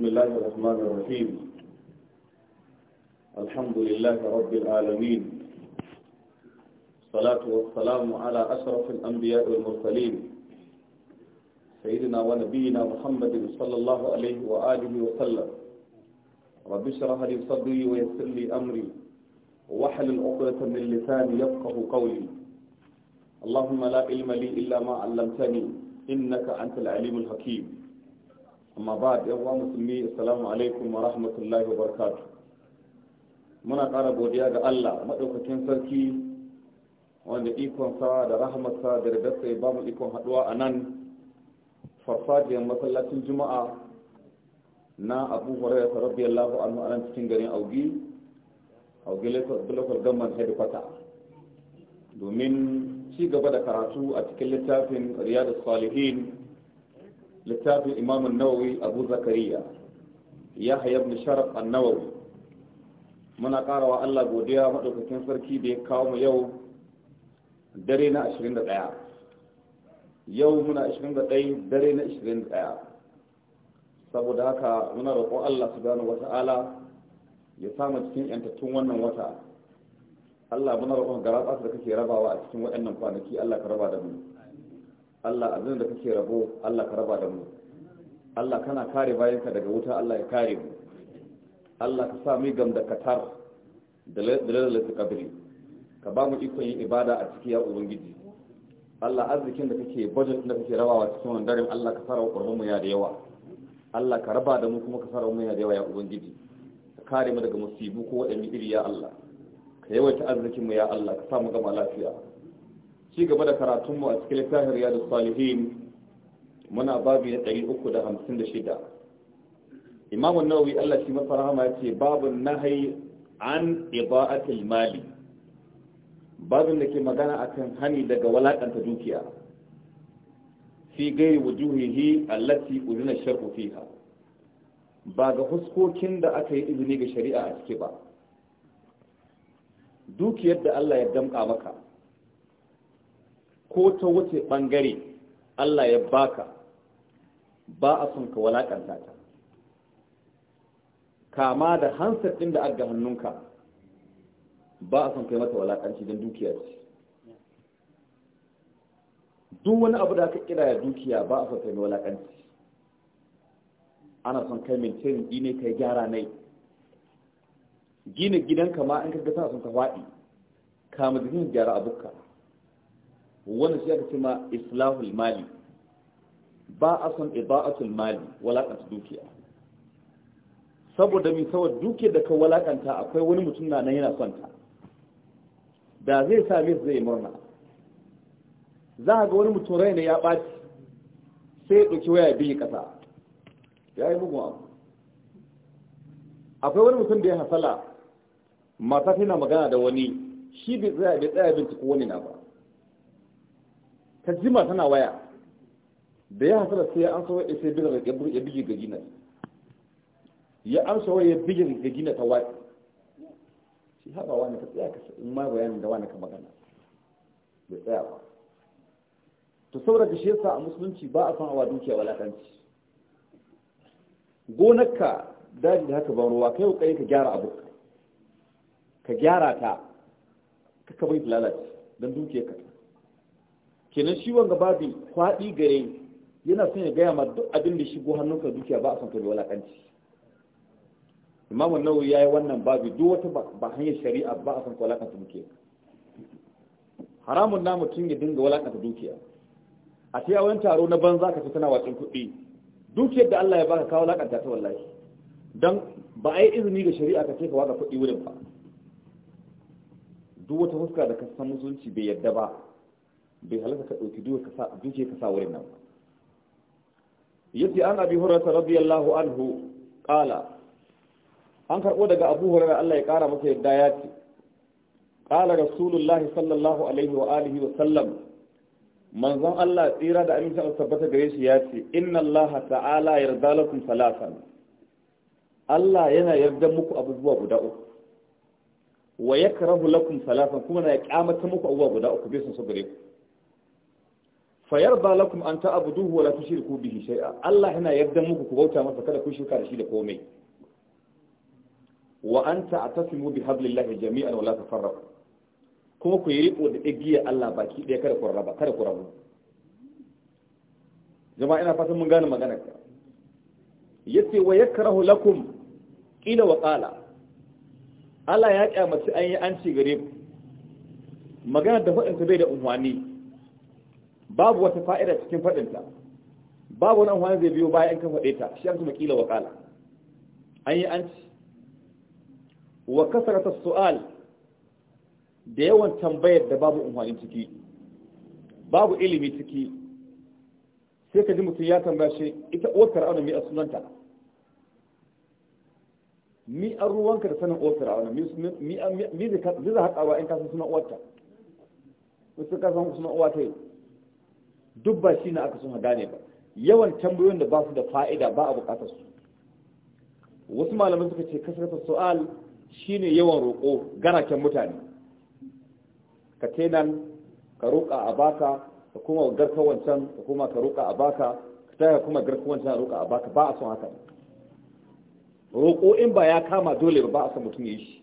بسم الله الرحمن الرحيم الحمد لله رب العالمين الصلاة والسلام على أشرف الأنبياء والمرسلين سيدنا ونبينا محمد صلى الله عليه وآله وسلم رب اشرح لي صدري ويسر لي أمري وحل العقدة من لساني يفقه قولي اللهم لا علم لي إلا ما علمتني إنك أنت العليم الحكيم amma ba da musulmi assalamu alaikum wa rahmatullahi wa barakatu muna kara godiya ga Allah maɗaukacin sarki wanda ikon sa da rahmatsa da rigarsa ya ba mu ikon haɗuwa a nan farfajiyar masallacin juma'a na abu hurairah allahu anhu anan cikin garin augi augi lokal gamman headquarter domin ci gaba da karatu a cikin littafin riyadus salihin littafin imam nawawi abu zakariya yahya ibn sharaf an-nawawi muna karawa Allah godiya madaukakin sarki da ya kawo mu yau dare na 21 yau muna 21 dare na 21 saboda haka muna roƙo Allah su subhanahu wata'ala ya samu cikin yantattun wannan wata Allah muna roƙon garaɓa da kake rabawa a cikin waɗannan kwanaki Allah ka raba da mu Allah abin da kake rabo Allah ka raba da mu Allah kana kare bayanka daga wuta Allah ya kare mu Allah ka sa mu gamda katar da lalata kabiri ka ba mu ikon yin ibada a ciki ya ubangiji Allah arzikin da kake budget da kake rabawa cikin wannan daren Allah ka fara kurban mu ya da yawa Allah ka raba da mu kuma ka fara mu ya da yawa ya ubangiji ka kare mu daga musibu ko wadanne iri ya Allah ka yawaita arzikin mu ya Allah ka sa mu gama lafiya ci gaba da karatunmu a cikin littafin riyadu salihin muna babi na 356 imamun nawawi allah shi mafarahama ya ce babun nahai an iba'atul mali babin da ke magana akan hani daga walakanta dukiya fi gairi wujuhihi allati udina sharhu fiha ba ga huskokin da aka yi izini ga shari'a a ciki ba dukiyar da Allah ya damƙa maka ko ta wuce bangare Allah ya baka ba a son ka walakanta ta kama da hansar ɗin da aga hannunka ba a son kai mata walakanci don dukiya ce duk wani abu da aka kira ya dukiya ba a son kai mai walakanci ana son kai mintin ne kai gyara nai gina gidanka ma an kaga sa sun ka faɗi kama jikin gyara abuka Wani shi aka cima islahul mali ba a son iba'atul mali walakanta dukiya saboda mai saboda dukiyar da ka walakanta akwai wani mutum na nan yana son ta da zai same su zai murna za a ga wani mutum rai ne ya ɓaci sai ya ɗauki waya biyu ƙasa ya yi mugun abu akwai wani mutum da ya hasala mata tana magana da wani shi bai tsaya bai tsaya binciko wani na ba ta jima tana waya da ya hasara sai ya amsa ya sai bidar ya bige ga gina ya amsa waya ya ga gina ta waya shi haɓa wani ka tsaya ka in ma bayanin da wani ka magana Ya tsaya ba to saboda ka shi yasa a musulunci ba a san awa dukiya walakanci gonarka daji da haka ban ruwa kai kokari ka gyara abu ka gyara ta ka kabai lalace don dukiyar ka kenan shi wanga babi kwaɗi gare yana son ya gaya ma duk abin da shigo hannunka dukiya ba a son kai walakanci imamu nawawi yayi wannan babi duk wata ba hanyar shari'a ba a son kai walakanta dukiya haramun namu tun ya dinga walakanta dukiya a tiya wani taro na banza ka fi tana watsin kuɗi dukiyar da Allah ya baka kawo walakanta ta wallahi don ba a yi izini ga shari'a ka ce ka waka kuɗi wurin ba duk wata huska da san musulunci bai yadda ba bai halatta ka ɗauki duwa ka sa wurin nan yace an abi hurairah radiyallahu anhu Ƙala. an karbo daga abu hurairah Allah ya kara masa yadda ya ce Ƙala rasulullahi sallallahu alaihi wa alihi wa sallam manzon Allah tsira da amincin Allah tabbata gare shi ya ce inna Allah ta'ala yarda lakum salatan Allah yana yarda muku abubuwa guda uku wa yakrahu lakum salatan kuma na ya kyamata muku abubuwa guda uku bai san su gare ku fayarba lakum an ta'buduhu wa la tushriku bihi shay'a Allah yana yarda muku ku bauta masa kada ku shirka da shi da komai wa an atasimu bi hablillahi jami'an wa la tafarraqu kuma ku yi riko da igiya Allah baki ɗaya kada ku raba kada ku rabu jama'a ina fatan mun gane magana ka yace wa yakrahu lakum qila wa qala Allah ya kyamaci an yi an ci gare ku magana da faɗin ta bai da unwani babu wata fa'ida cikin faɗinta babu wani amfani zai biyo bayan kan faɗe ta shi an kuma kila wakala an yi an ci wa kasarata su'al da yawan tambayar da babu amfani ciki babu ilimi ciki sai ka ji mutum ya tambaya shi ita otar auna mai a sunanta mi an ruwanka da sanin otar auna mi zai haƙawa in kasan sunan uwarta wasu kasan sunan uwa ta yi duk ba shi na aka sun gane ba yawan tambayoyin da ba su da fa'ida ba a bukatar su wasu malamai suka ce su su'al shine yawan roƙo garaken mutane ka tenan ka roƙa a baka ka kuma garka wancan ka kuma ka roƙa a baka ka ta kuma garka wancan roƙa a baka ba a son haka roƙo in ba ya kama dole ba a son mutum ya yi shi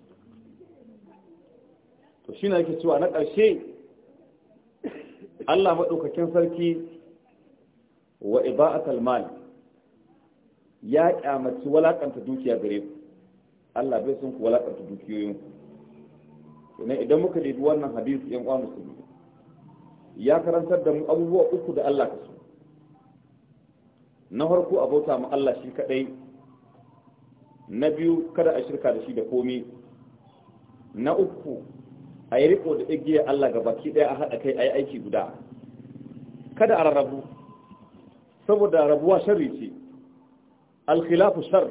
to shi na yake cewa na ƙarshe Allah maɗaukakin sarki wa iba'atul mal ya kyamaci walakanta dukiya gare ku Allah bai sun ku walakanta dukiyoyin ku ne idan muka dubi wannan hadisi yan uwa su ya karantar da mu abubuwa uku da Allah ka so na farko a bauta mu Allah shi kadai na biyu kada a shirka da shi da komi na uku a yi riko da igiyar Allah ga baki ɗaya a haɗa kai a yi aiki guda kada a rarrabu saboda rabuwa shari ce alkhilafu shar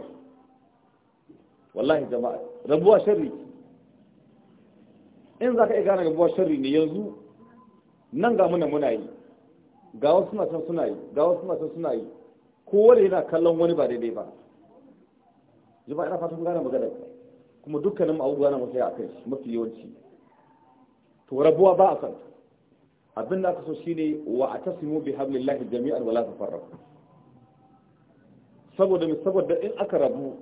wallahi jama'a rabuwa shari. in za ka iya gane rabuwa shari ne yanzu nan ga muna muna yi ga wasu suna suna yi ga wasu suna suna yi kowane yana kallon wani ba daidai ba jama'a ina fatan gane magana kuma dukkanin abubuwa na mafi a kai mafi yawanci to rabuwa ba a san abin da aka so shi ne wa atasimu bi hablillahi jami'ar wala tafarraqu saboda saboda in aka rabu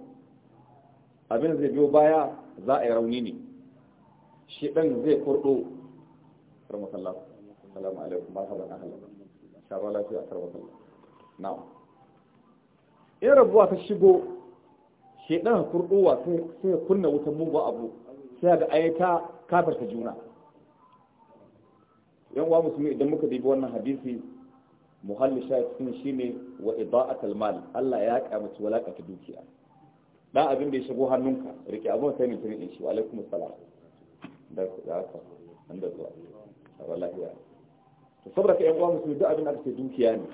abin zai biyo baya za a yi rauni ne shi dan zai kurdo in rabuwa ta shigo shi ɗan sai sai kunna wutan mugu abu sai ga ayyata kafarta juna yan uwa musulmi idan muka dubi wannan hadisi muhalli cikin shi shine wa ida'atul mal Allah ya musu walaƙa ta dukiya da abin da ya shigo hannunka rike abin sai ne tare shi wa alaikum assalam da haka an da zuwa wallahi ya to saboda kai yan uwa musulmi duk abin da kake dukiya ne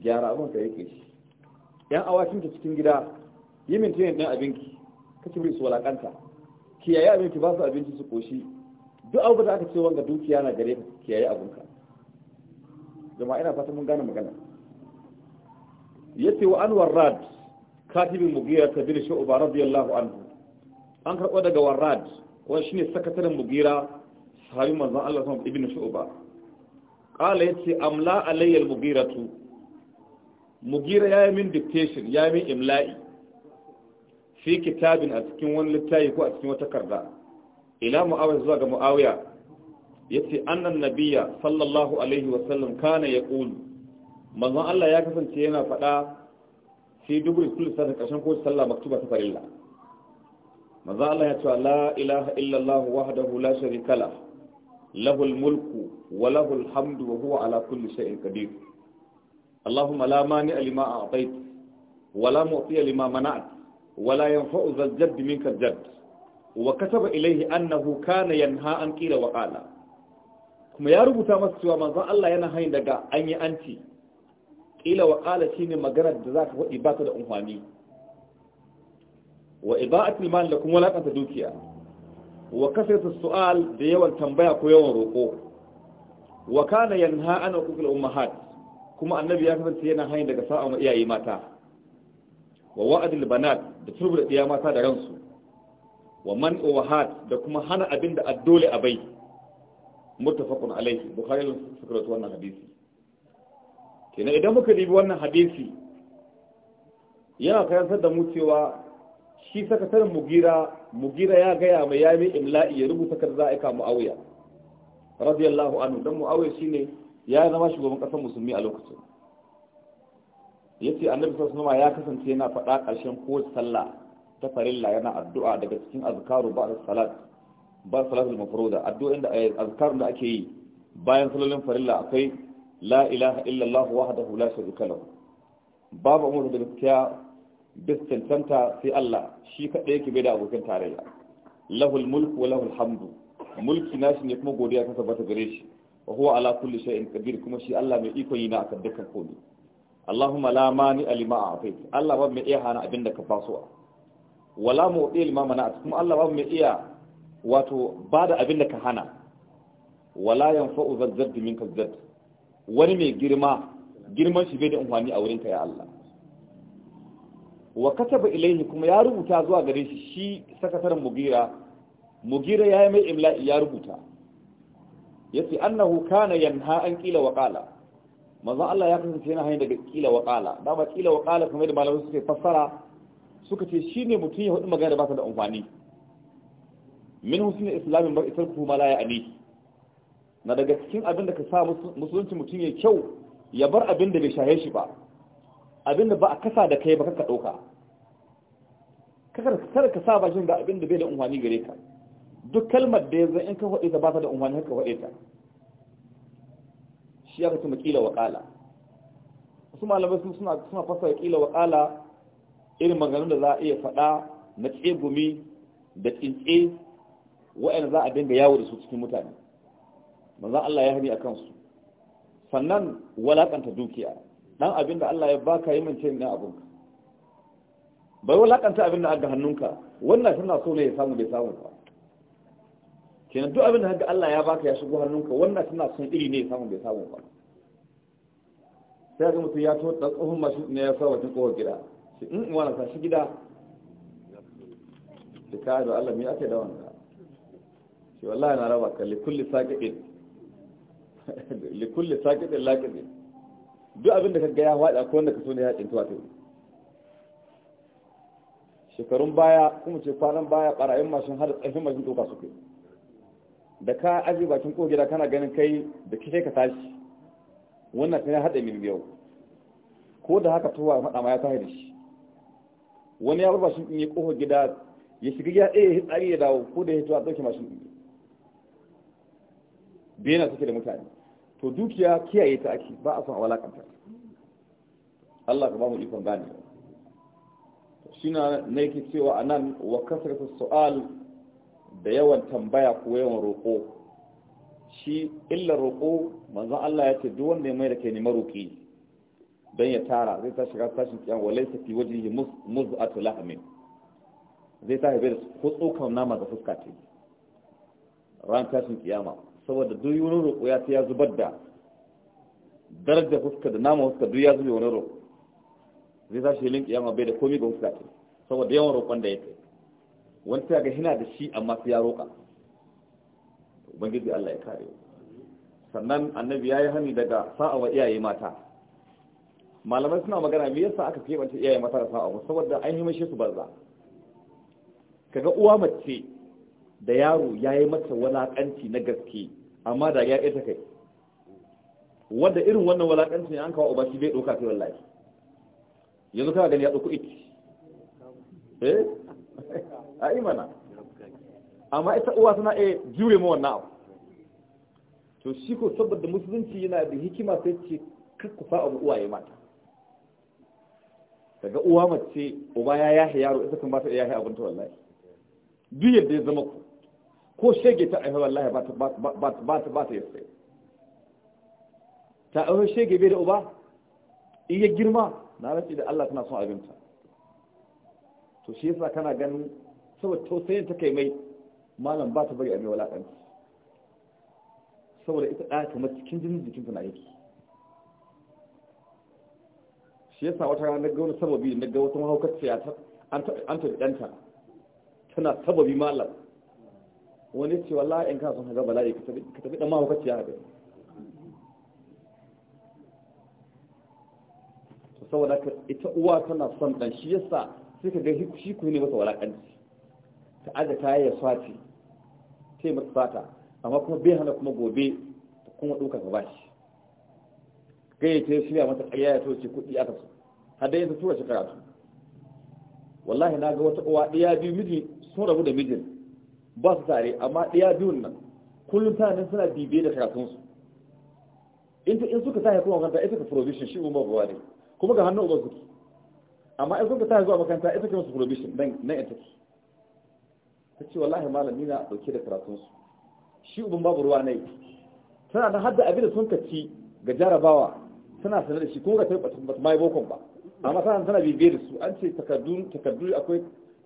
gyara abin ka yake shi yan awakin ta cikin gida yi min tayin dan abinki kace bi su walakanta kiyaye abinci ba su abinci su koshi duk abu da aka ce wanga dukiya na gare ka kiyaye ka jama'a ina fata mun gane magana yace wa anwar rad katibin mugira ta kabir shu'ba radiyallahu anhu an karbo daga warrad wani shine sakataren mugira sahabi manzon Allah sallallahu ibn shu'ba qala yace amla alayya al-mugiratu mugira ya yi min dictation yi min imla'i fi kitabin a cikin wani littafi ko a cikin wata karda ila mu'awiya zuwa ga mu'awiya yace annan nabiya sallallahu alaihi wasallam kana yaqulu manzon Allah ya kasance yana faɗa Sai dubul kulli sa karshen ko sallah maktuba ta farilla manzon Allah ya ce la ilaha illa Allah wahdahu la sharika la lahul mulku wa lahul hamdu wa huwa ala kulli shay'in qadir اللهم لا مانع لما أعطيت ولا معطي لما منعت ولا ينفع ذا الجد منك الجد وكتب إليه أنه كان ينهى عن قيل وقال kuma ya rubuta masa cewa manzon Allah yana hanyar daga an yi anci ƙila wa ƙala shi ne maganar da za ka faɗi ba ta da umfani wa iba'atul mal da kuma laƙanta dukiya wa kasaita su'al da yawan tambaya ko yawan roƙo wa kana yanha ana uqul ummahat kuma annabi ya kasance yana hanyar daga sa'a ma iyaye mata wa wa'adul banat da turbu da iya mata da ransu wa man wahat da kuma hana abinda da addole abai muttafaqun alaihi bukhari suka rawaito wannan hadisi kenan idan muka dibi wannan hadisi yana karantar da mu cewa shi sakataren mugira mugira ya gaya mai yami imla'i ya rubuta kar za a aika mu'awiya radiyallahu anhu dan mu'awiya shine ya zama shugaban kasar musulmi a lokacin yace annabi sallallahu alaihi ya kasance yana faɗa karshen ko sallah ta farilla yana addu'a daga cikin azkaru ba'da salat ba salatul mafruda addu'o'in da azkar da ake yi bayan salolin farilla akwai la ilaha illallah wahdahu la sharika lahu babu umar da gaskiya bistantanta sai Allah shi kadai yake bai da abokin tarayya lahul mulk wa lahul hamdu mulki nashi ne kuma godiya ta tabbata gare shi wa huwa ala kulli shay'in qadir kuma shi Allah mai iko yi na akan dukkan komai Allahumma la mani alima afait Allah ba mai iya hana abinda ka faso wala mu'ti lima mana kuma Allah ba mai iya wato ba da abin da ka hana wala fa'uzar zazzard minka zazzard wani mai girma girman shi bai da umfani a wurinka ya Allah wa kataba ilaihi kuma ya rubuta zuwa gare shi shi sakataren mugira mugira ya yi mai imla'i ya rubuta ya ce annahu kana yanha an kila wa Allah ya kasance yana hanyar daga kila wa Da ba kila wa kala kamar da malamai suke fassara suka ce shine mutum ya hudu magana da ba ta da amfani min husnul islamin bar itarku ma la ya'ni na daga cikin abin da ka sa musulunci mutum ya kyau ya bar abin da bai shahe shi ba abin da ba a kasa da kai ba ka dauka kakar ka sa bakin da abin da bai da umwani gare ka duk kalmar da yanzu in ka faɗe ta ba ta da unhwani haka faɗe ta shi ya ka kila wa kala wasu malamai suna suna fasa kila wa irin maganganun da za a iya faɗa na tsegumi da tsintse wa'anda za a dinga yawo da su cikin mutane manzon Allah ya hani a kansu sannan walakanta dukiya dan abin da Allah ya baka yi mance ne abun bai walakanta abin da aka hannunka wannan tana so ne ya samu bai samu ba kenan duk abin da haka Allah ya baka ya shigo hannunka wannan tana son iri ne ya samu bai samu ba sai ga mutum ya to da tsohon mashin ne ya sa wajen kowar gida shi in mm, wani sashi gida da ka da Allah mai ake da wannan shi wallahi na raba ka likulli saqiqin likulli saqiqin laqibin duk abin da gaya ya ko wanda ka so ne ya tsintuwa ta shekarun baya kuma ce kwanan baya ɓarayin mashin har tsafin mashin doka suke da ka aji bakin ko gida kana ganin kai da kike ka tashi wannan sai hada mil yau ko da haka tuwa fada ma ya tashi da shi wani ya bar mashin ɗin ya ƙofa gida ya shiga eh, ya tsaye ya tsari ya dawo ko da ya tuwa dauke mashin ɗin. bena suke da mutane to dukiya kiyaye ta ake ba a son a walakanta Allah ka ba mu ikon gane shi na na yake cewa a nan wa kasar su'al da yawan tambaya ko yawan roƙo shi illar roƙo manzon Allah ya ce duk wanda ya mai da kai ne roƙi don ya tara zai ta shiga tashin kiyan walai ta fi waje yi muz'atu lahamin zai ta haife da hutsukan nama da fuska ce ran tashin kiyama saboda duk wurin roƙo ya ce ya zubar da darajar fuska da nama fuska duk ya zube wani roƙo zai sa shi linƙi yamma bai da komi ga fuska ce saboda yawan roƙon da ya ce wani ta ga hina da shi amma sai ya roƙa ubangiji Allah ya kare sannan annabi ya yi hani daga sa'awa iyaye mata malamai suna magana me yasa aka keɓance iyaye mata da sa'awa saboda an yi su banza kaga uwa mace da yaro ya yi mata walaƙanci na gaske amma da ya ita kai wadda irin wannan walaƙanci ne an kawo ba shi bai ɗauka kai wallahi yanzu kaga gani ya ɗauko iki eh a imana amma ita uwa tana iya jure ma wannan abu to shi ko saboda musulunci yana da hikima sai ce kakkufa abu uwaye mata daga uwa mace uba ya yahe yaro ita kan ba ta yahe abinta wallahi duk yadda ya zama ku ko shege ta aihe wallahi ba ta ba ta aihe shege bai da uba iya girma na rantsi da Allah tana son abinta to shi yasa kana ganin saboda tausayin ta kai mai malam ba ta bari a mai walakanci saboda ita ɗaya kamar cikin jinin jikin na yake shi yasa wata rana ga wani sababi na ga wata mahaukaciya an taɓa ɗanta tana sababi malam wani ce wallahi in kana son haga bala'i ka tafi dan mahaukaciya haka to saboda ka ita uwa tana son dan shi yasa sai ka ga shi ku ne masa walakanci ta aje ta ya swati sai masa sata amma kuma bai hana kuma gobe ta kuma ɗauka ka bashi gaya ta yi shirya mata ƙarya ya ce kuɗi aka so hada yin ta tura shi karatu wallahi na ga wata uwa ɗaya biyu miji sun rabu da mijin ba su tare amma ɗaya biyun nan kullum ta nan suna bibe da karatunsu in ta in suka tashi kuma makaranta ita ka provision shi umar ba ne kuma ga hannun uban suke amma in suka tashi zuwa makaranta ita ka musu provision nan nan ita ke ta ce wallahi malami na dauke da karatunsu shi uban babu ruwa yi tana da hadda abin da sun ka ci ga jarabawa tana sanar da shi kuma ga ta ba su mai bokon ba amma tana tana bibe da su an ce takardu akwai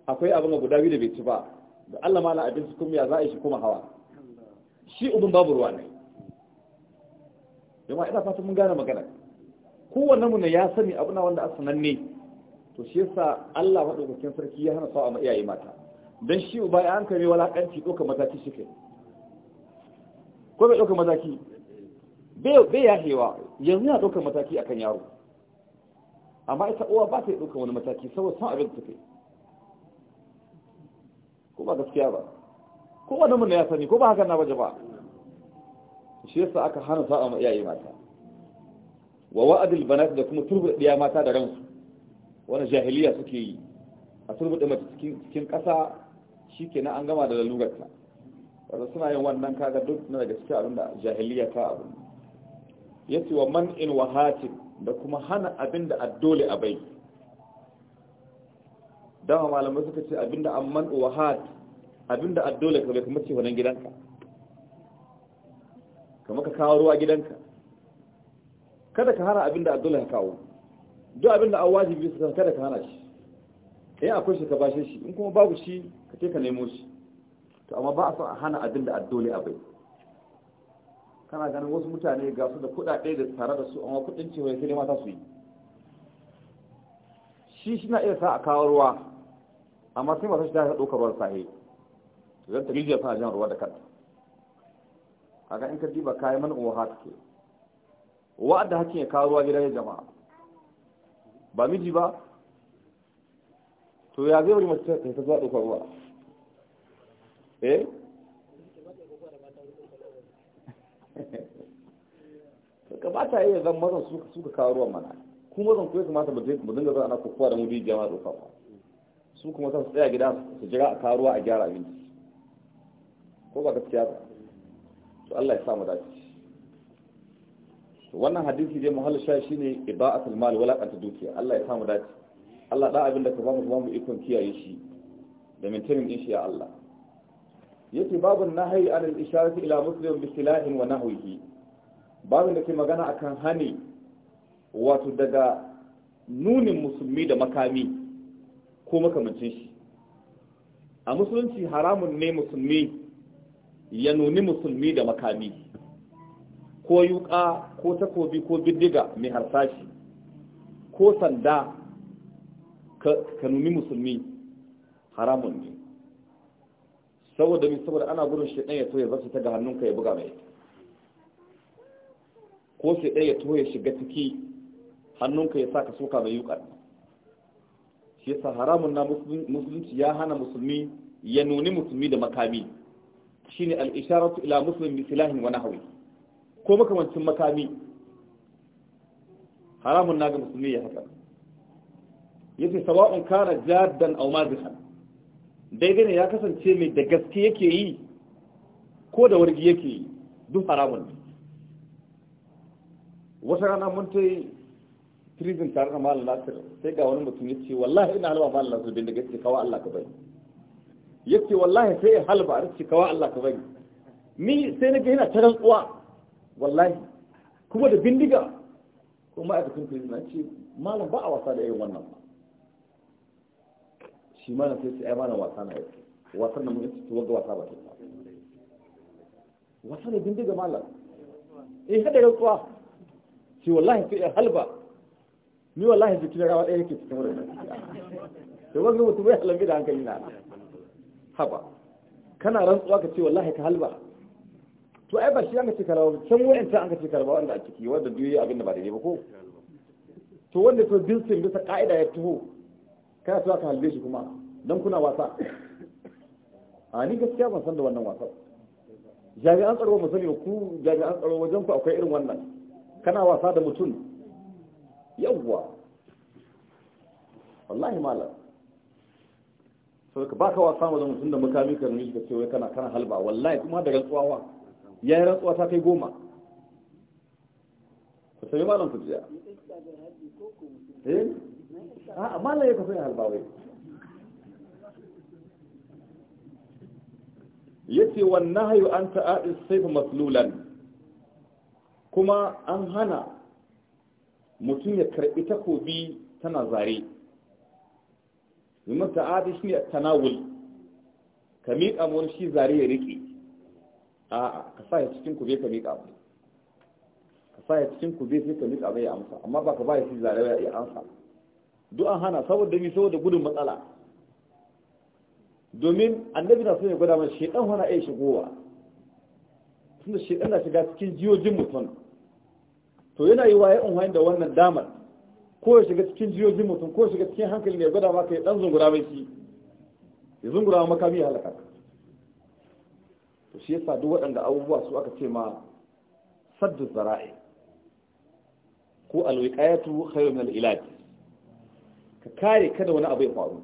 akwai abin guda biyu da bai ci ba da Allah ma na abinci kuma ya za a yi shi kuma hawa shi ubin babu ruwa ne jama'a ina fata mun gane magana kowanne mu ne ya sani abu na wanda a sananne to shi yasa Allah madaukakin sarki ya hana sawa ma iyaye mata dan shi uba ya an kare walakanci doka mataki shi kai ko bai doka mataki bai bai hewa yanzu ya doka mataki akan yaro amma ita uwa ba ta doka wani mataki saboda san abin da take ko ba gaskiya ba ko wani mun ya sani ko ba haka na ba jama'a shi yasa aka hana sa'a ma iyaye mata wa wa'adil banat da kuma turbu da mata da ransu wani jahiliya suke yi a turbu da cikin ƙasa shikenan an gama da ta wanda suna yin wannan kaga duk na daga cikin abin da jahiliya ta abu yace wa man in wahatin da kuma hana abin da addole a bai dama malamai suka ce abinda amman wahad abinda addole ka bai kuma ce wannan gidanka kama ka kawo ruwa gidanka kada ka hana abinda addole ka kawo duk abinda an wajibi su kada ka hana shi sai akwai shi ka bashe shi in kuma babu shi ka ce ka nemo shi to amma ba a son a hana abinda addole a bai kana ganin wasu mutane ga su da kuɗaɗe da tare da su amma kuɗin cewa sai dai mata su yi shi shi na iya sa a kawo ruwa amma sai masu shi ta ɗaukar ruwan sahi zan tafi jiya tana jan ruwa da kanta kaga in ka diba kayan mana uwa haka ke wa'adda hakin ya kawo ruwa gidan jama'a ba miji ba to ya zai wuri mace ta zuwa ɗaukar ruwa eh ka ba ta iya zan mazan ka kawo ruwan mana kuma zan kuwa kamata mu dinga zuwa ana kokowa da mu biyu jama'a ɗaukar ruwa su kuma zan tsaya gida su jira a karuwa a gyara abinci ko ba gaskiya ba to Allah ya sa mu dace wannan hadisi dai muhallu sha ne, ibadatul mal wala qanta dukiya Allah ya sa mu dace Allah da abin da ka bamu mu ikon kiyaye shi da mintanin din shi ya Allah yake babun nahyi an al-isharati ila muslim bi silahin wa nahwihi babin da ke magana akan hani wato daga nunin musulmi da makami ko makamancin shi a musulunci haramun ne musulmi ya nuni musulmi da makami ko yuka ko takobi ko bindiga mai harsashi ko sanda ka nuni musulmi haramun ne saboda mai saboda ana gudun shaɗan ya toye zarsu ta ga hannunka ya buga mai ko shaɗan ya toye shiga ciki hannunka ya sa ka soka mai yukar shi yasa haramun na musulunci ya hana musulmi ya nuni musulmi da makami shine al-isharatu ila muslim bi silahin wa nahwi ko makamancin makami haramun na ga musulmi ya haka yace sawa'un kara jaddan aw mazihan daidai ne ya kasance mai da gaske yake yi ko da wargi yake yi duk haramun wata rana mun ta prison tare da malam nasir sai ga wani mutum ya ce wallahi ina halba malam nasir bin da gaske kawai Allah ka bari ya ce wallahi sai ya halba a ce kawai Allah ka bari ni sai na gina ta rantsuwa wallahi kuma da bindiga ko ma'aikacin prison na ce malam ba a wasa da yin wannan ba shi malam sai ce ai malam wasa na yau wasan nan mun ce to wasa ba ta wasa ne bindiga malam eh hada rantsuwa ce wallahi sai halba ni wallahi jiki na rawa ɗaya yake cikin wurin da wani mutum ya halambe da hankali na haba kana rantsuwa ka ce wallahi ka halba to ai ba shi an ka ce karawa can wa'ancan an ka ce karawa wanda a ciki wanda biyu abin da ba daidai ba ko to wanda to bilsin bisa ka'ida ya taho kana tuwa ka halbe shi kuma don kuna wasa a ni gaskiya ban san da wannan wasan jami'an tsaro mu ku jami'an tsaro wajen ku akwai irin wannan kana wasa da mutum yawwa wallahi malam saboda baka wasa mazan mutum da makami kan nuna da ce wai kana kana halba wallahi kuma da rantsuwa ya yi rantsuwa ta kai goma ka sai malam ku jiya eh a malam ya kafa halba wai yace wannan hayu an ta'adis sayfa maslulan kuma an hana mutum ya karɓi takobi tana zare domin ta'adi shi ne tanawul ka miƙa wani shi zare ya riƙe a'a ka sa ya cikin kube ka miƙa abu. ka sa ya cikin kube sai ka miƙa mai ya amsa amma ba ka ba ya shi zare ya amsa duk an hana saboda mi saboda gudun matsala domin annabi na so ya gwada mana shedan hana ya shigowa tunda shedan na shiga cikin jiyojin mutum to yana yi waye unwayin da wannan damar ko ya shiga cikin jiyojin mutum ko ya shiga cikin hankali ne gwada maka ya dan zungura mai shi ya zungura makami ya halaka to shi yasa duk waɗanda abubuwa su aka ce ma saddu zara'i ko alwiqayatu khayru min al-ilaj ka kare kada wani abu ya faru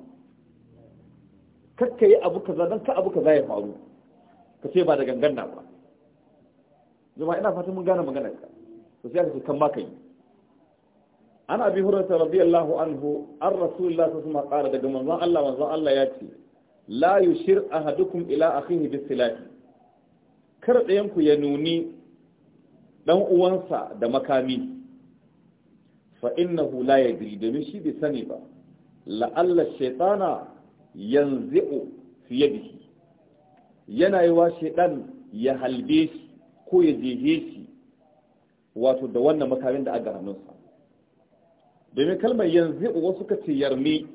kakka yi abu kaza dan ka abu kaza ya faru ka ce ba da gangan na ba jama'a ina fatan mun gane maganar ka to sai aka ce kan ma yi. ana bi hurata radiyallahu anhu an rasulullah ta suma ƙara daga manzon Allah manzon Allah ya ce la yushir ahadukum ila akhihi bisilati kar ɗayan ku ya nuni dan uwansa da makami fa innahu la yadri domin shi bai sani ba la'alla shaytana yanzi'u fi yadihi yana yi wa shaytan ya halbe shi ko ya jehe shi wato da wannan makamin da aka hannunsa domin kalmar yanzu wasu suka ce yarmi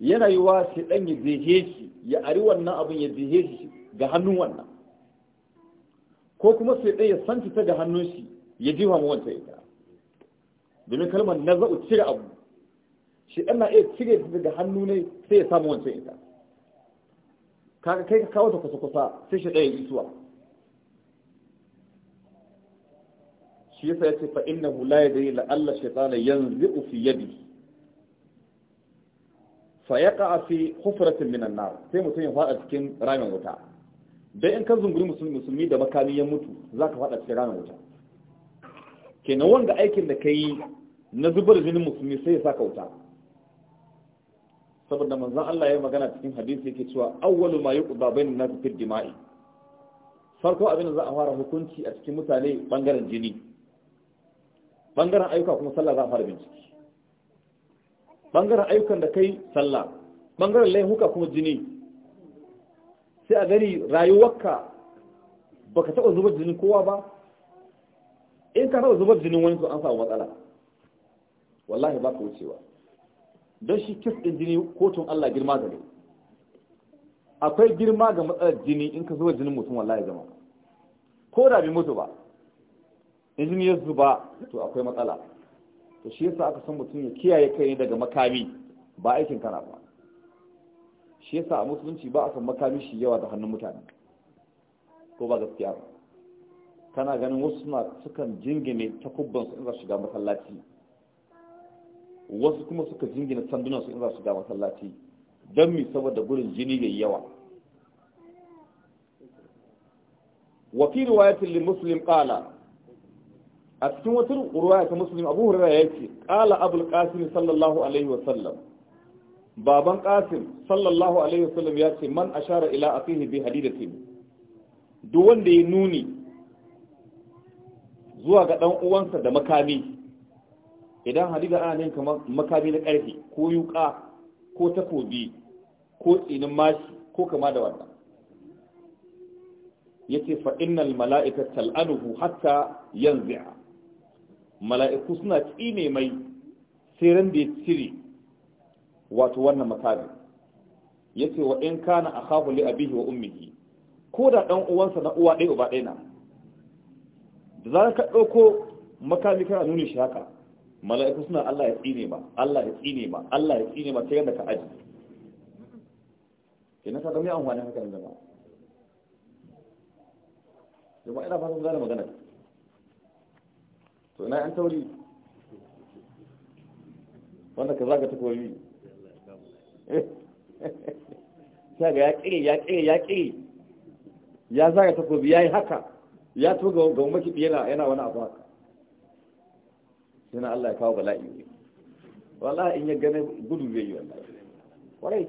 yana yi wa shi dan ya jehe shi ya ari wannan abin ya jehe shi ga hannun wannan ko kuma sai dai ya santi ta ga hannun shi ya jiwa mu wancan ita domin kalmar na za'u cire abu shi ɗan na iya cire ta daga hannu ne sai ya samu wancan ita kaga kai ka kawo ta kusa kusa sai shi ɗaya isuwa shi yasa yace fa innahu la yadri la alla shaytana yanzu fi yadi fa yaqa fi hufratin minan nar sai mutum ya fada cikin ramin wuta dan in ka zunguri musulmi musulmi da makami ya mutu zaka fada cikin ramin wuta kenan wanda aikin da kai na zubar jinin musulmi sai ya saka wuta saboda manzon Allah ya magana cikin hadisi yake cewa awwalu ma yuqda bainan nas fi dima'i farko abin da za a fara hukunci a cikin mutane bangaren jini bangaren ayyuka kuma sallah za a fara binciki bangaren ayyukan da kai sallah bangaren laihuka kuma jini sai a gani rayuwarka ka taɓa zubar jinin kowa ba in ka taɓa zubar jinin wani to an samu matsala wallahi ba ka wucewa don shi kis ɗin jini kotun Allah girma ne akwai girma ga matsalar jini in ka zuba jinin mutum wallahi zama ko da bi mutu ba izini ya zuba to akwai matsala to shi yasa aka san mutum ya kiyaye kai daga makami ba aikin kana ba shi yasa a musulunci ba a san makami shi yawa da hannun mutane ko ba gaskiya ba kana ganin wasu suna sukan jingine ta kubban su in za su shiga masallaci wasu kuma suka jingina sandunan su in za su shiga masallaci don mi saboda gurin jini yayi yawa wa fi riwayatin muslim qala a cikin wata ruwaya ta muslim abu hurara ya ce ƙala abul ƙasim sallallahu alaihi wasallam baban ƙasim sallallahu alaihi wasallam ya ce man ashara ila akhihi bi hadidatin duk wanda ya nuni zuwa ga ɗan uwansa da makami idan hadida ana yin kamar makami na ƙarfi ko yuƙa ko takobi ko tsinin mashi ko kama da wannan yace fa innal mala'ikata tal'anuhu hatta yanzi'a mala'iku suna tsine mai sai ran da ya cire wato wannan makabi yace wa in kana akhahu li abihi wa ummihi ko da dan uwansa na uwa ɗaya uba ɗaya na da za ka ɗauko makami kana nuni shi haka mala'iku suna Allah ya tsine ba Allah ya tsine ba Allah ya tsine ba sai da ka aji kenan ka ga mai wani haka ne zama, jama'a ina fatan gane magana ta. to ina yan tauri wanda ka zaga takobi ta ga ya kiri ya kiri ya kiri ya zaga takobi ya yi haka ya tuga ga makiɗi yana yana wani abu haka Yana Allah ya kawo bala'i Wala in ya gane gudu zai yi wallahi kwarai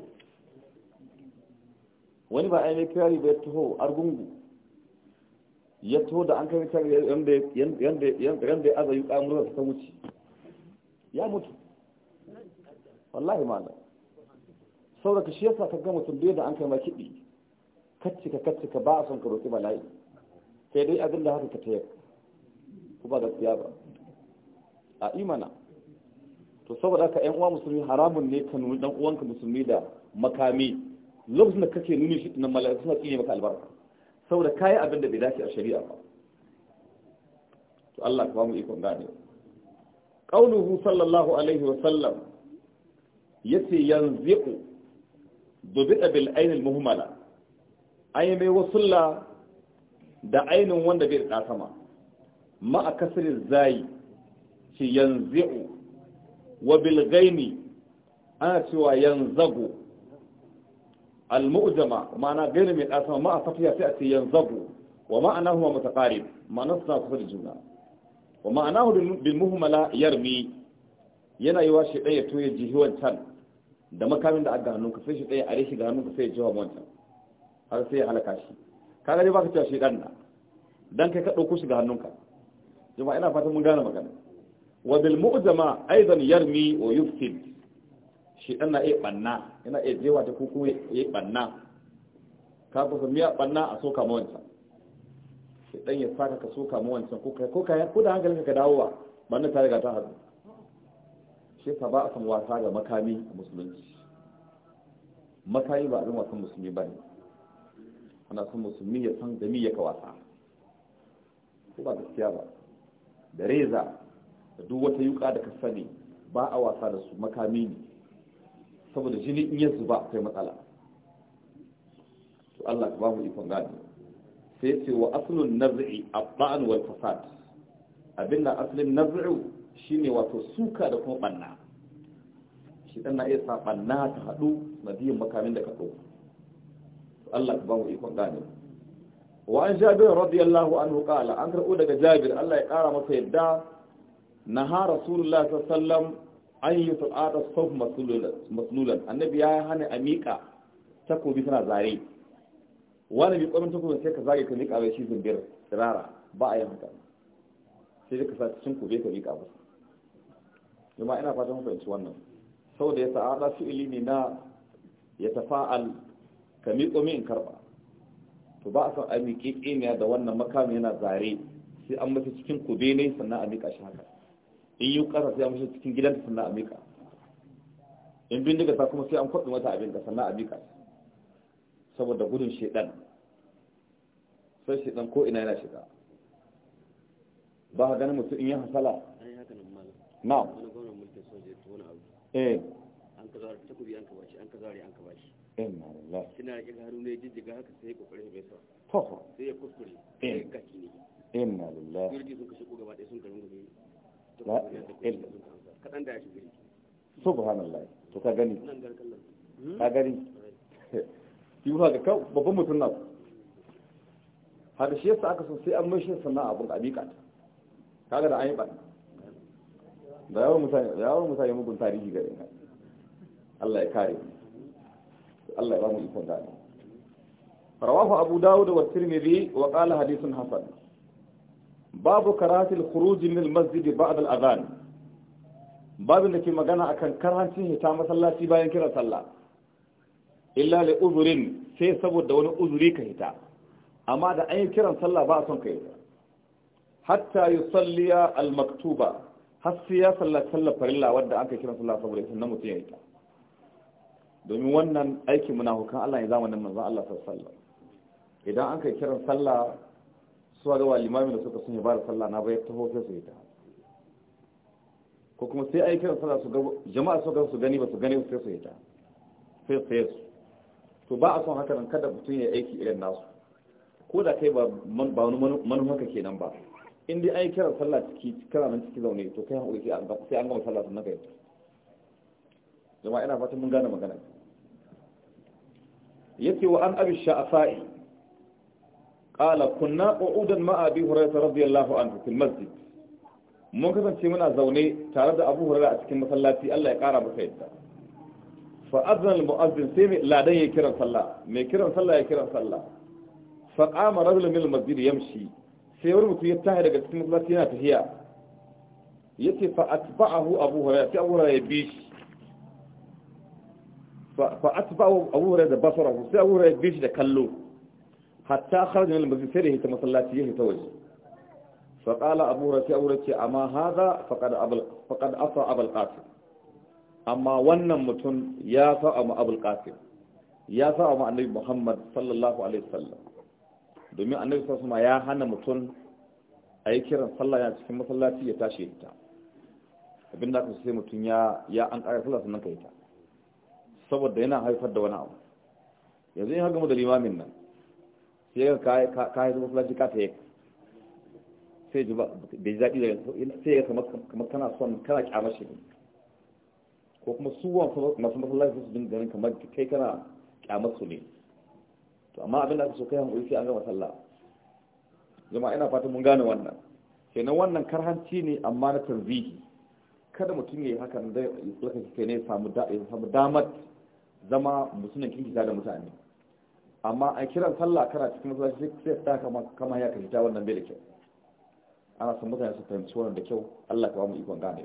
wani ba a yi mai kirari bai taho argungu ya to da an kai wutar yadda ya aza yi da ta wuce ya mutu wallahi ma'ana sauraka shi yasa ka ga mutum biyu da an kai ma kiɗi kacce ka ba a son ka roƙi bala'i sai dai abin da haka ka tayar ku ba gaskiya ba a imana to saboda ka yan uwa musulmi haramun ne ka nuna dan uwanka musulmi da makami lokacin da kake nuni shi na mala'iku suna tsine maka albarka saboda kayi abin da bai dace a shari'a ba to Allah ka bamu ikon gane qauluhu sallallahu alaihi wa sallam yace yanzi'u dubida bil ayn al muhmala ayi mai wasulla da ainin wanda bai da sama ma a kasirin zai ce yanzi'u wa bil gaini ana cewa yanzagu. ma'ana المؤجمة معنى غير من الأسماء مع صفية تأتي ينضب ومعناهما متقارب معنى صنع الجملة ومعناه بالمهملة يرمي yana yi wa shi ɗaya to ya jihi wancan da makamin da aka hannunka sai shi ɗaya a reshi ga hannunka sai ya jiwa wancan har sai ya halaka shi ka ga ba ka cewa shi ɗan na dan kai ka ɗauko shi ga hannunka jama'a ina fatan mun gane magana wa bil mu'jama aidan yarmi wa yufsid shedan na iya banna yana iya jewa ta kuku ya yi banna ka kusa miya banna a soka ma wancan shedan ya saka ka soka ma wancan ko ka ko da hankalinka ka dawowa banna ta riga ta haɗu shi ka ba a san wasa ga makami a musulunci makami ba abin wasan musulmi ba ne ana son musulmi ya san da mi ka wasa ko ba gaskiya ba da reza da duk wata yuka da ka sani ba a wasa da su makami ne saboda jini in ya zuba akwai matsala to Allah ka ba mu ikon gani sai ce wa aslun naz'i abba'an wal fasad abin da aslin naz'u shine wato suka da kuma banna shi dan na iya sa banna ta hadu nadiyin makamin da ka dauko to Allah ka ba mu ikon gani wa an jabir radiyallahu anhu qala an karbo daga jabir Allah ya kara masa yadda naha rasulullahi sallallahu alaihi wasallam an yi fa'ada sauf maslulan annabi ya hana a miƙa takobi tana zare wani mai ƙwamin takobi sai ka zage ka miƙa bai shi zumbir tsirara ba a yi haka sai dai ka sa cikin kube ka miƙa musu yamma ina fatan fahimci wannan saboda ya ta'ada su ne na ya al ka miƙo min karɓa to ba a san a miƙe ƙiniya da wannan makami yana zare sai an mace cikin kube ne sannan a miƙa shi haka in yi kasa sai an mishi cikin gidanta sannan a in bindiga ta kuma sai an kwaɗin wata abin ka sannan a saboda gudun shaidan sai shaidan ko ina yana shiga ba ka ganin mutum in yi hasala na eh an ka zara takobi an ka bashi an ka zare an ka bashi na lillahi kina riƙe ga haruna jijjiga haka sai kokarin bai sa to sai ya kuskure eh. sai ya kaki ne inna lillahi jirgi sun kashe ko gaba ɗaya sun garin gobe subhanallah to ka gani ka gani yi ba ga babban mutum na harshe yasa aka so sai an mai sannan abin abika kaga da an yi ba da yawon mutane da mugun tarihi gare ka Allah ya kare Allah ya ba mu ikon gani rawahu abu dawud wa tirmidhi wa qala hadithun hasan babu karatun khuruji min masjid ba'd al-adhan babin da ke magana akan karancin hita masallaci bayan kiran sallah illa li uzurin sai saboda wani uzuri ka hita amma da an yi kiran sallah ba a son kai. hita hatta yusalliya al-maktuba har sai ya sallaci sallar farilla wanda aka kiran sallah saboda sannan mutum ya hita domin wannan aikin munafukan Allah ya zama nan, manzon Allah sallallahu alaihi wasallam idan an kai kiran sallah suwa ga limamin da suka sun yi ba da sallah na bai taho sai su yi ta ko kuma sai aikin sallah su ga jama'a su ga su gani ba su gani sai su yi ta sai sai su to ba a son haka nan kada mutum ya aiki irin nasu ko da kai ba ba wani ke kenan ba in dai yi kiran sallah ciki kana nan ciki zaune to kai hankali sai an ga sai an gama sallah sannan kai jama'a ina fatan mun gane magana Yake wa an abi sha'afa'i قال كنا قعودا مع أبي هريرة رضي الله عنه في المسجد ممكن تشمنا زوني تارد أبو هريرة أتكلم صلاتي الله يقارب خيدا فأذن المؤذن سيمي لا دي كرم صلاة مي كرم صلاة يكرم صلاة فقام رجل من المسجد يمشي سيور متي يتاهر قد تكلم صلاتي ناتهيا يتي فأتبعه أبو هريرة أبو هريرة بيش فأتبعه أبو هريرة بصره سي أبو هريرة بيش ده كله hatta kharajin al-masjid sai da hita masallaci ya hita waje fa qala abu rafi abu rafi amma hadha faqad abul faqad asa abul qasim amma wannan mutum ya sa'a mu abul qasim ya sa'a mu annabi muhammad sallallahu alaihi wasallam domin annabi sallallahu alaihi ya hana mutum ayi kiran sallah yana cikin masallaci ya tashi ya hita abin da aka sai mutum ya ya an ƙara sallah sannan ka hita saboda yana haifar da wani abu yanzu in haka mu da limamin nan sai ka yi zuwa ka ta yi sai ji bai zaɓi da sai ya kamar kana son kana kyamar shi ko kuma su masu masallaci su dinga ganin kamar kai kana kyamar su ne to amma abin da aka so kai hankali sai an gama sallah zama ina fatan mun gane wannan na wannan karhanci ne amma na tarzihi kada mutum ya yi hakan zai lokaci kai ne samu damar zama musulun kinki da mutane amma a kiran sallah kana cikin masallaci sai ta kama kama ya kai ta wannan bai kyau ana san mutane su fahimci wannan da kyau Allah ka ba mu ikon gane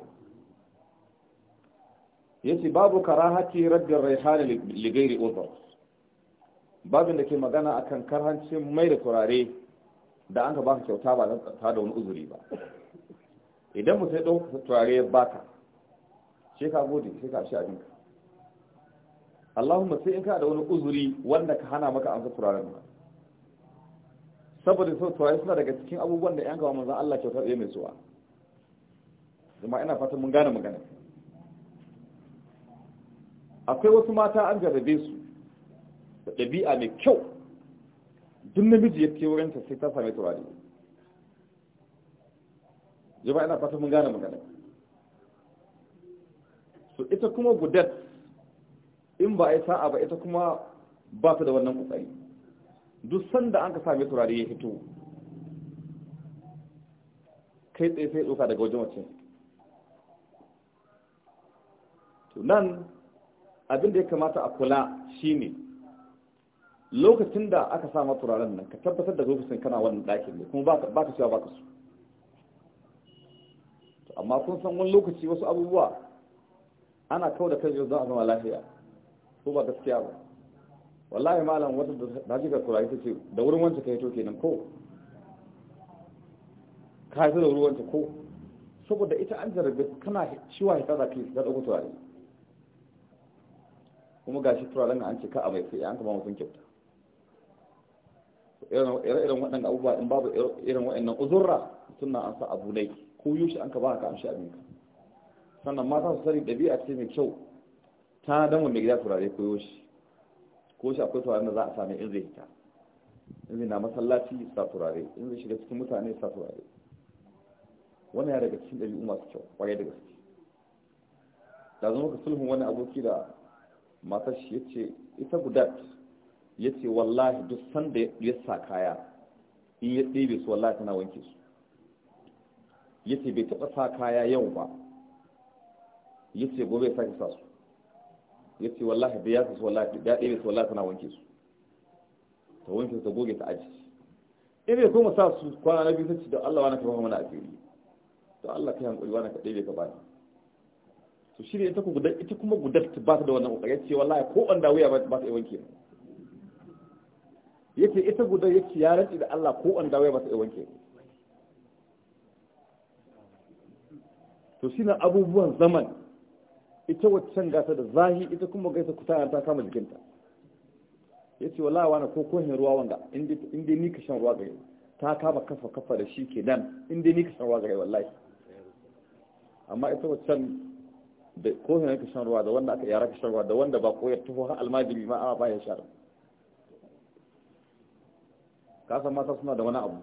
yace babu karahati raddar raihan li ghairi udhr babin da ke magana akan karhancin mai da turare da an ka baka kyauta ba ta da wani uzuri ba idan mutum ya dauka turare ya baka sai ka gode sai ka shi abinka Allahumma sai in ka da wani uzuri wanda ka hana maka amsa turaren nan saboda sau turare suna daga cikin abubuwan da yan gawa manzan Allah kyauta ɗaya mai zuwa zama ina fatan mun gane magana akwai wasu mata an jarrabe su da ɗabi'a mai kyau duk namiji ya ke wurinta sai ta same turare jama'a ina fatan mun gane magana so ita kuma gudet in ba a yi sa'a ba ita kuma ba ta da wannan kusari duk sanda an ka same turare ya fito kai tsaye sai doka daga wajen wacce nan abin da ya kamata a kula shi ne, lokacin da aka sama turaren nan ka tabbatar da lokacin kana wannan ɗakin ne kuma ba ka cewa ba ka su amma kun san wani lokaci wasu abubuwa ana kawo da kai zuwa a zama lafiya ko ba gaskiya ba wallahi malam wata da ji karkura ta ce da wurin wancan ka hito kenan ko ka yi da wurin wancan ko saboda ita an jarabe kana shiwa hita za ka yi turare kuma ga shi turaren an ce ka a mai sai an kama mutum kyauta irin waɗanda abubuwa in babu irin waɗannan uzurra suna an sa abu nai ko yushi an ka ba ka amshi a abinka sannan mata su sani ɗabi'a ce mai kyau ta dan wanda gida turare koyo shi ko shi akwai turare da za a same in zai hita in zai na masallaci sa turare in zai shiga cikin mutane sa turare wannan ya daga cikin ɗabi'u masu kyau ƙwarai da gaske da zama ka sulhun wani aboki da matar shi ya ce ita gudat ya ce wallahi duk sanda ya sa kaya in ya ɗebe su wallahi tana wanke su ya ce bai taɓa sa kaya yau ba ya ce gobe ya sake sa su ya ce wallahi da ya su wallahi da ɗaya su wallahi tana wanke su ta wanke su ta goge ta aji in ya kuma sa su kwana na biyu sai da Allah wani ka ba mana asiri to Allah kai hankali wani ka ɗaya ka bani to shi ne ita kuma gudar ita kuma gudar ta ba ta da wannan kokari ce wallahi ko wanda wuya ba ta yi wanke yace ita gudar yace ya rantsi da Allah ko wanda wuya ba ta yi wanke to shi na abubuwan zaman ita waccan gata da zahi ita kuma gaisa kuta ta kama jikinta ya ce wala wani ko kohin ruwa wanda inda ni ka shan ruwa gare ta kama kafa kafa da shi ke nan inda ni ka shan ruwa gare wallahi amma ita waccan da kohin ka shan ruwa da wanda aka yara ka shan ruwa da wanda ba koyar tuho har almajiri ma a ba ya shara kasan mata suna da wani abu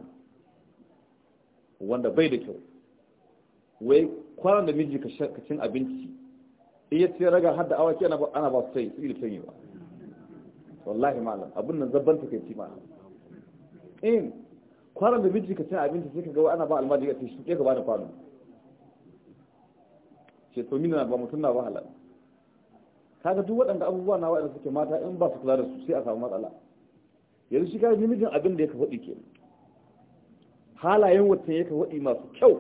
wanda bai da kyau wai kwanan da miji ka cin abinci iya ce raga har da awaki ana ba su sai su sanyi ba wallahi malam abin nan zabban ta kai ci ma in kwanan da miji ka cin abinci sai ka ga ana ba almajiri a shi ke ka ba da kwano ce to mina ba mutum na ba halal kaga duk waɗanda abubuwa na waɗanda suke mata in ba su kula da su sai a samu matsala yanzu shi kaga namijin abin da ya ka faɗi ke halayen wacce ya ka faɗi masu kyau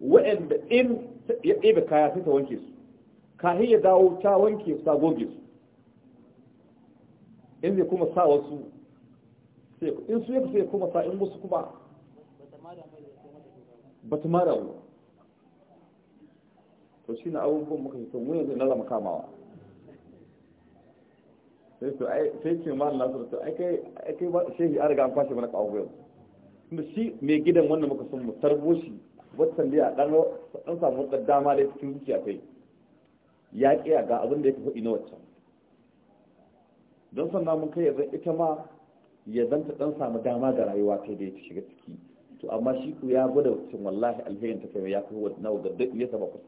waɗanda in ya ɗebe kaya sai ta wanke su kahi ya dawo ta wanke sa goge su in zai kuma sa wasu in su yaka sai kuma sa in wasu kuma ba ta mara wu to shi na abubuwan muka hito wuyan zai na zama kamawa sai su sai ce ma na zurta ai kai ai kai ba shehi an riga an kwashe mana kawo wuyan kuma shi mai gidan wannan muka sun mu tarbo shi wannan da ya dan dan samu dama da cikin zuciya kai ya kiya ga abin da ya faɗi na waccan don sannan mun kai yanzu ita ma ya zanta dan samu dama da rayuwa ta da ya shiga ciki to amma shi ku ya gwada cikin wallahi alherin ta kai ya fi wa nawa ga dadi ya saba ku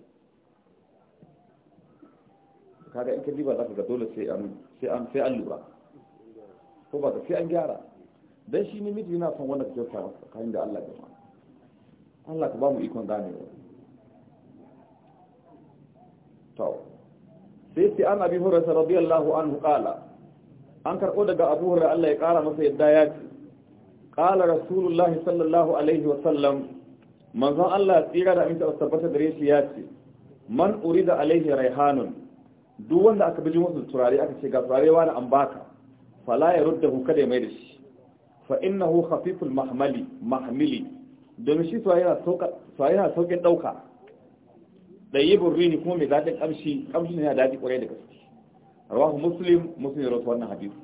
kaga in ka ba za ka ga dole sai an sai an sai an lura ko ba ka sai an gyara dan shi ne miji yana son wanda ka kyauta masa kayan da Allah ya Allah ka ba mu ikon ganewa to sai ce an abi hurarsa radiyallahu anhu kala an karɓo daga abu hura Allah ya ƙara masa yadda ya ce ƙala rasulullahi sallallahu alaihi wa sallam manzon Allah tsira da aminta tabbata da shi ya ce man uri da alaihi raihanun duk wanda aka bi wasu turare aka ce ga turare wani an baka fala ya rudda hu ya mai da shi fa innahu khafiful mahmali mahmili domin shi tsaye na sauƙin ɗauka da yi burrini kuma mai zaɗin kamshi ƙamshi ne yana daɗi ƙwarai da gaske rawahu muslim muslim ya rasu wannan hadisi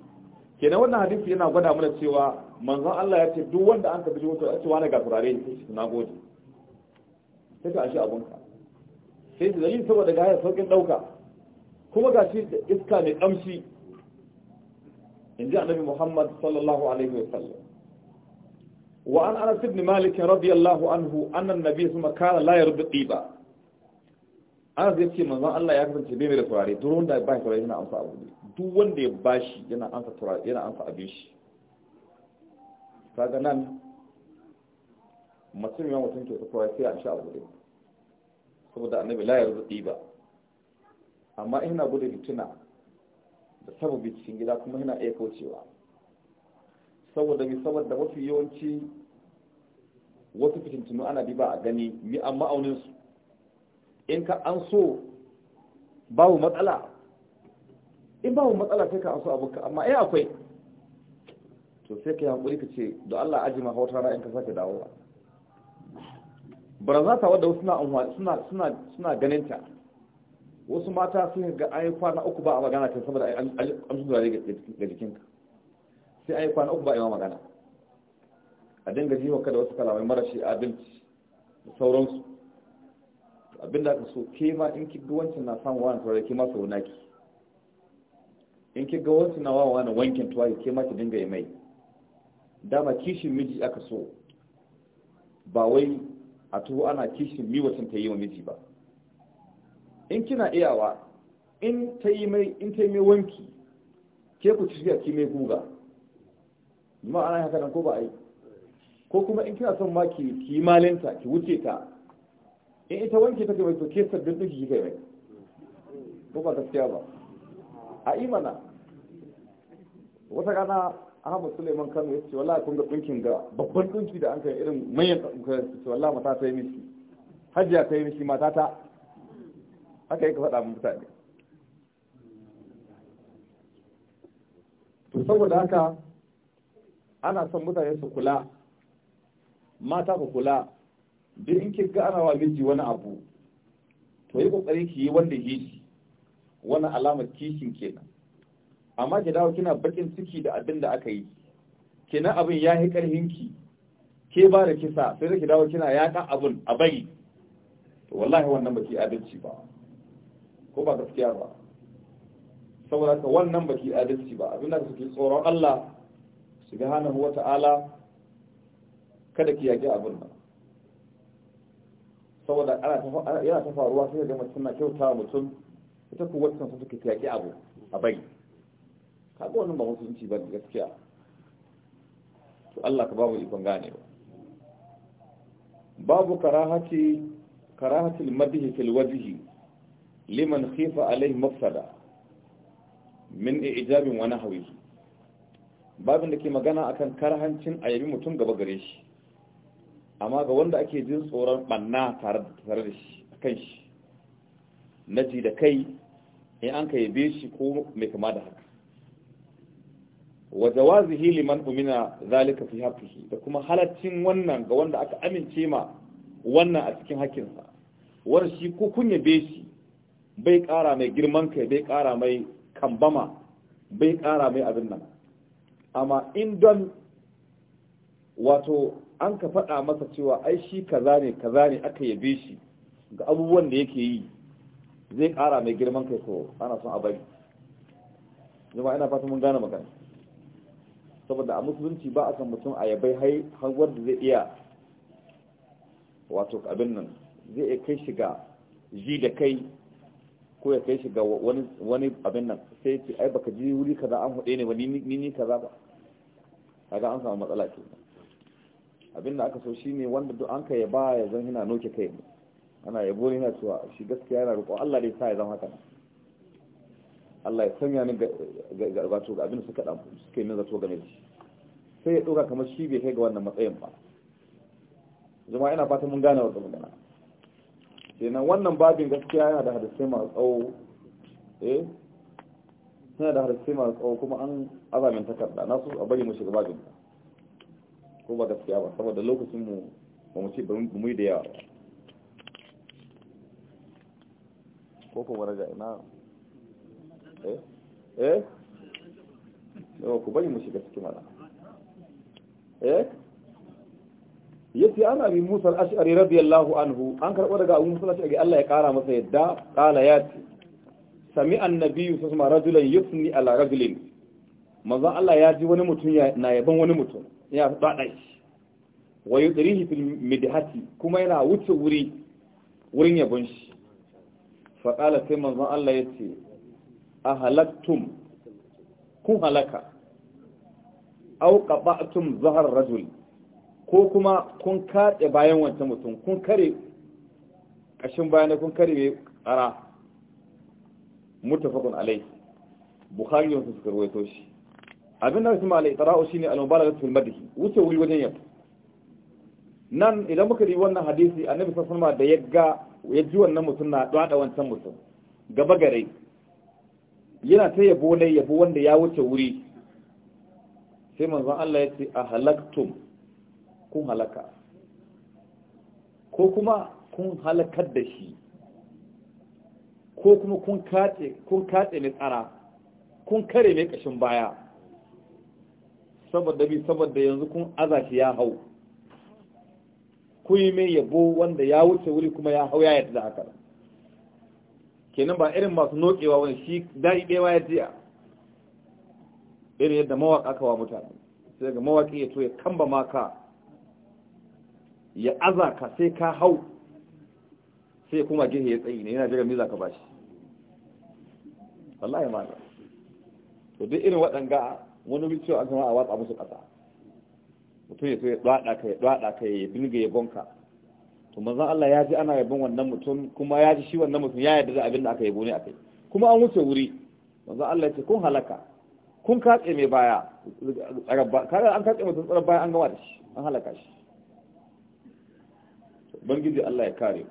kenan wannan hadisi yana gwada mana cewa manzon Allah ya ce duk wanda an tabbaci wato a cewa na ga turare ne sai na gode sai ka ashi abunka sai da yin saboda ga haya saukin ɗauka, kuma ga shi iska mai ƙamshi in ji annabi Muhammad sallallahu alaihi wa sallam wa an Anas ibn Malik radiyallahu anhu anna an-nabiy kuma kana la yardu an zai ce manzon Allah ya kasance bai da turare duk wanda ba shi turare yana amsa abu ne duk wanda ya bashi yana amsa turare yana amsa abin shi ga nan mutum ya mutum ke turare sai an sha abu ne saboda annabi la yarzu ba amma ina gudun fitina da sababi cikin gida kuma yana iya kaucewa saboda mi saboda mafi yawanci wasu fitintunu ana bi ba a gani mi amma aunin su in ka an so babu matsala in babu matsala sai ka an so ka, amma ai akwai to sai ka yi ka ce da Allah aji ma hauta na in ka sake dawowa barazata wadda suna suna suna ganin ta wasu mata sun ga ayi kwana uku ba a magana ta saboda an zuwa ga jikinka sai ayi kwana uku ba a yi magana a dinga jiwa ka da wasu kalamai marashi abinci da sauransu abinda aka so ke ma in ki ga wancan na samu wani tsoron ke ma wuna ki in ki ga wancan na wawa wani wankin tuwa ke ma ki dinga yi mai dama kishin miji aka so ba wai a tuho ana kishin miwacin ta yi wa miji ba in kina iyawa in ta yi mai in ta yi mai wanki ke ku ci ki mai guga ma ana haka nan ko ba a yi ko kuma in kina son ma ki yi malinta ki wuce ta in ita wanke ta gaba ke sabbin duk kike gaba ko ba gaskiya ba a imana wata rana Ahmad Suleiman Kano ya ce wallahi kun ga dinkin ga babban dinki da an kai irin manyan dinkin ce wallahi mata ta yi miki hajjiya ta yi miki mata ta haka yake faɗa mutane to saboda haka ana son mutane su kula mata ku kula duk in kin ga ana wa miji wani abu to yi kokari ki yi wanda yi shi wani alamar kishin kenan amma ki dawo kina bakin ciki da abin da aka yi kina abin ya yi ki, ke ba da kisa sai da ki dawo kina ka abin a bari to wallahi wannan baki adalci ba ko ba gaskiya ba saboda ka wannan baki adalci ba abin da kake tsoron Allah subhanahu wata'ala kada ki yaki abin nan saboda yana ta faruwa sai da mutum na kyauta mutum ita ku wata sun suka yaƙi abu a bai kaga wannan ba musulunci ba gaskiya to Allah ka ba mu ikon gane ba babu karahati karahatul madhi fil wajhi liman khifa alayhi mafsada min ijabin wa nahwihi babin da ke magana akan karahancin ayabi mutum gaba gare shi amma ga wanda ake jin tsoron banna tare da shi kan shi na ji da kai in an ka yabe shi ko mai kama da haka wa zihili man umina zalika fi da kuma halaccin wannan ga wanda aka amince ma wannan a cikin haƙƙinsa wani shi ko kun yabe shi bai ƙara mai girman kai bai ƙara mai kambama bai ƙara mai abin nan amma in don wato an ka faɗa masa cewa ai shi kaza ne kaza ne aka yabe shi ga abubuwan da yake yi zai ƙara mai girman kai ko ana son a bari zama ina fata mun gane magana saboda a musulunci ba a san mutum a yabai har wanda zai iya wato abin nan zai iya kai ga ji da kai ko ya kai shi ga wani abin nan sai ce ai baka ji wuri kaza an hude ne ba ni ni kaza ba kaga an samu matsala kenan abinda aka so shine wanda duk an kai ba ya zan yana noke kai ana yabo ne na cewa shi gaskiya yana roƙo Allah dai sa ya zama haka Allah ya sanya ni ga wato ga da suka dan suka yi zato game da shi sai ya dora kamar shi bai kai ga wannan matsayin ba jama'a ina fata mun gane wannan magana kenan wannan babin gaskiya yana da hadisi masu tsawo eh yana da hadisi masu tsawo kuma an azamin takarda na so a bari mu shiga babin ta ko ba gaskiya ba saboda lokacin mu ba mu ce ba mu yi da yawa ko kuma raja ina eh eh yawa ku bari mu shiga cikin mana eh fi an abin Musa al-Ash'ari radiyallahu anhu an karɓa daga Abu Musa al-Ash'ari Allah ya kara masa yadda qala yati sami annabi sallallahu ma wasallam rajulan yusni ala rajulin maza Allah ya ji wani mutum na yaban wani mutum ya bada shi wa yudrihi fil midhati kuma yana wuce wuri wurin yabon shi fa qala sai manzon Allah yace ahalaktum kun halaka aw zahar rajul ko kuma kun katse bayan wancan mutum kun kare kashin bayan kun kare mai kara muttafaqun alai bukhari su suka shi abin da kuma malai tara'u shine al-mubalagha fil madhi wuce wuri wajen yabo nan idan muka yi wannan hadisi annabi sallallahu alaihi da ya ga ya ji wannan mutum na dada wancan mutum gaba gare yana ta yabo ne yabo wanda ya wuce wuri sai manzon Allah ya ce a halaktum kun halaka ko kuma kun halakar da shi ko kuma kun kace kun kace ne tsara kun kare mai kashin baya saboda bi saboda yanzu kun aza shi ya hau kun yi mai yabo wanda ya wuce wuri kuma ya hau ya yadda da haka kenan ba irin masu nokewa wani shi da'i ɗewa ya jiya irin yadda mawaƙa kawa mutane sai ga mawaƙi ya to ya kamba maka ya aza ka sai ka hau sai kuma gihe ya tsayi ne yana jira miza ka bashi wallahi ma'ana to duk irin waɗanga wani wuri an kama a watsa musu ƙasa mutum ya so ya ɗwaɗa ka ya ɗwaɗa ka ya bilga ya bonka to manzon Allah ya ji ana yabon wannan mutum kuma ya ji shi wannan mutum ya yarda da abin da aka yabo ne kai. kuma an wuce wuri Maza Allah ya ce kun halaka kun katse mai baya kaga an katse mutum tsara baya an gama da shi an halaka shi bangiji Allah ya kare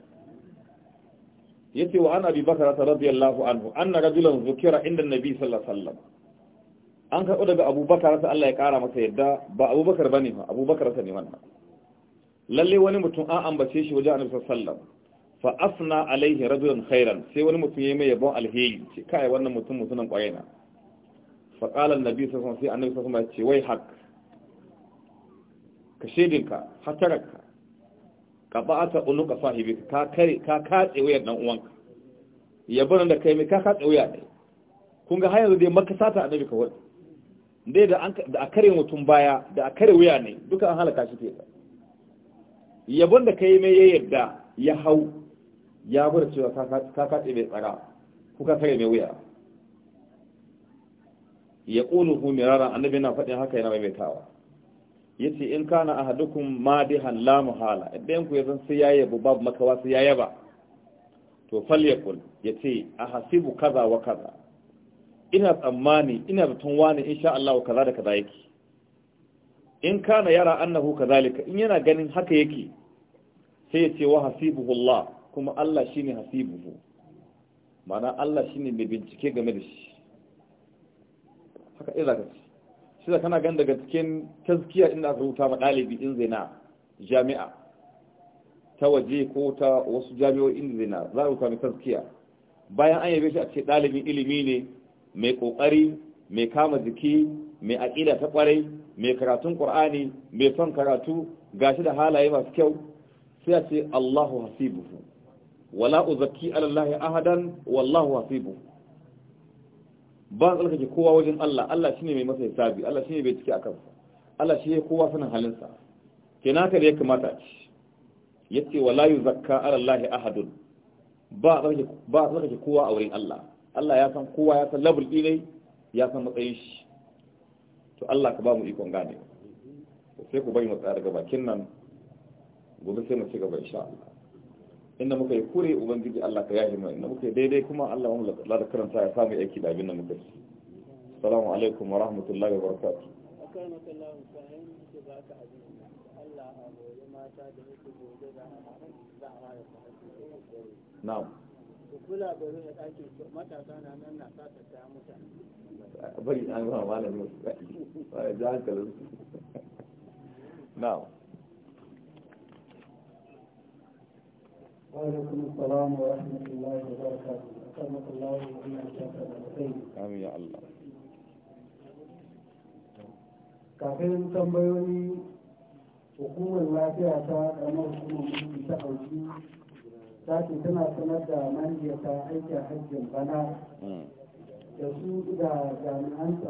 yace wa ana bi bakara radiyallahu anhu anna rajulan zukira inda nabi sallallahu alaihi wasallam an karɓi daga abubakar sa Allah ya ƙara masa yadda ba abubakar ba ne ba abubakar sa ne wannan lalle wani mutum an ambace shi wajen annabi sallam fa asna alaihi rajulan khairan sai wani mutum ya mai yabon alheri ce kai wannan mutum mutunan ƙwaye na fa qala annabi sallallahu alaihi wasallam sai annabi sallallahu alaihi wasallam ce wai hak ka ka hataraka ka ba ba'ata unuka sahibi ka kare ka katse wayar dan uwanka yabon da kai mai ka katse wayar ne kun ga har yanzu dai makasata annabi ka wani dai da a kare mutum baya da a kare wuya ne duka an halaka shi ke yabon da ka yi mai ya ya hau ya bada cewa ka mai tsara ko ka kare mai wuya ya ƙulu hu mirara annabi na faɗin haka yana maimaitawa ya ce in kana a hadukun madihan la muhala idan ku yanzu sai ya yabo babu makawa sai ya yaba to fal yakul ya ce a hasibu kaza wa kaza ina tsammani ina zaton wani insha Allah kaza da kaza yake in kana yara annahu kazalika in yana ganin haka yake sai ya ce wa hasibuhu Allah kuma Allah shine hasibuhu mana Allah shine mai bincike game da shi haka iza ka ce shi da kana ganin daga cikin tazkiya inda aka rubuta ma dalibi in zina jami'a ta waje ko ta wasu jami'o'in zina za a rubuta mai tazkiya bayan an yabe shi a ce ɗalibin ilimi ne mai kokari mai kama jiki mai aƙida ta kwarai mai karatun qur'ani mai son karatu gashi da halaye masu kyau sai a ce Allahu hasibuhu wala uzakki ala Allah ahadan wallahu Hasibu. ba tsarkake kowa wajen Allah Allah shine mai masa hisabi Allah shine bai ciki akan Allah shi kowa sanin halinsa Kina ka da ya kamata ci yace wala yuzakka ala Allah ahadun ba tsarkake ba tsarkake kowa a wurin Allah Allah ya san kowa ya san level ɗinai ya san matsayin shi to Allah ka ba mu ikon gane sai ku bari matsayar daga bakin nan gobe sai mu ci gaba insha Allah inda muka yi kure ubangiji Allah ka yahi mai inda muka yi daidai kuma Allah mu la da karanta ya samu aiki da abin da muka yi assalamu alaikum wa rahmatullahi wa barakatuh akan Allah ku kula bari ɗakin matasa na nan na sata ta mutane bari an zama malamin ba ya ji hankalin now وعليكم السلام ورحمة الله وبركاته أكرمك الله وإياك آمين يا الله kafin tambayoyi hukumar lafiya ta kamar hukumar ta ɗauki sati tana sanar da aiki aikin hajjin bana hmm. da su da jami'an